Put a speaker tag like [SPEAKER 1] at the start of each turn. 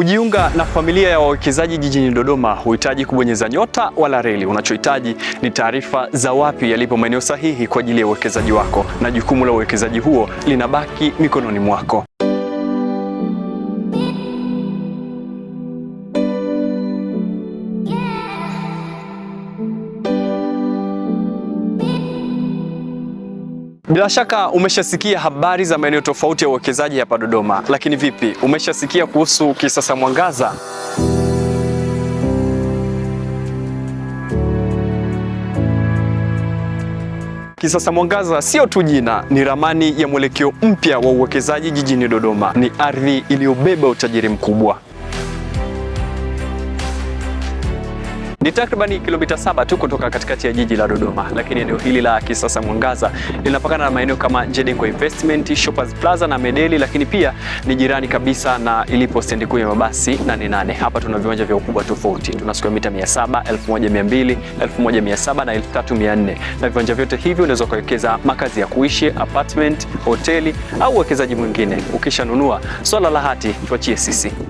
[SPEAKER 1] Kujiunga na familia ya wawekezaji jijini Dodoma huhitaji kubonyeza nyota wala reli. Unachohitaji ni taarifa za wapi yalipo maeneo sahihi kwa ajili ya uwekezaji wako, na jukumu la uwekezaji huo linabaki mikononi mwako. Bila shaka umeshasikia habari za maeneo tofauti ya uwekezaji hapa Dodoma, lakini vipi, umeshasikia kuhusu Kisasa Mwangaza? Kisasa Mwangaza sio tu jina, ni ramani ya mwelekeo mpya wa uwekezaji jijini Dodoma. Ni ardhi iliyobeba utajiri mkubwa. Ni takribani kilomita saba tu kutoka katikati ya jiji la Dodoma, lakini eneo hili la kisasa Mwangaza linapakana na maeneo kama Jedenko Investment, Shoppers Plaza na Medeli, lakini pia ni jirani kabisa na ilipo stendi kuu ya mabasi nane. Hapa tuna viwanja vya ukubwa tofauti, tuna square mita 700, 1200, 1700 na 3400, na viwanja vyote hivyo unaweza ukawekeza makazi ya kuishi, apartment, hoteli au uwekezaji mwingine. Ukishanunua swala la hati tuachie sisi.